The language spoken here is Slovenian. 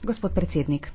gospod predsednik!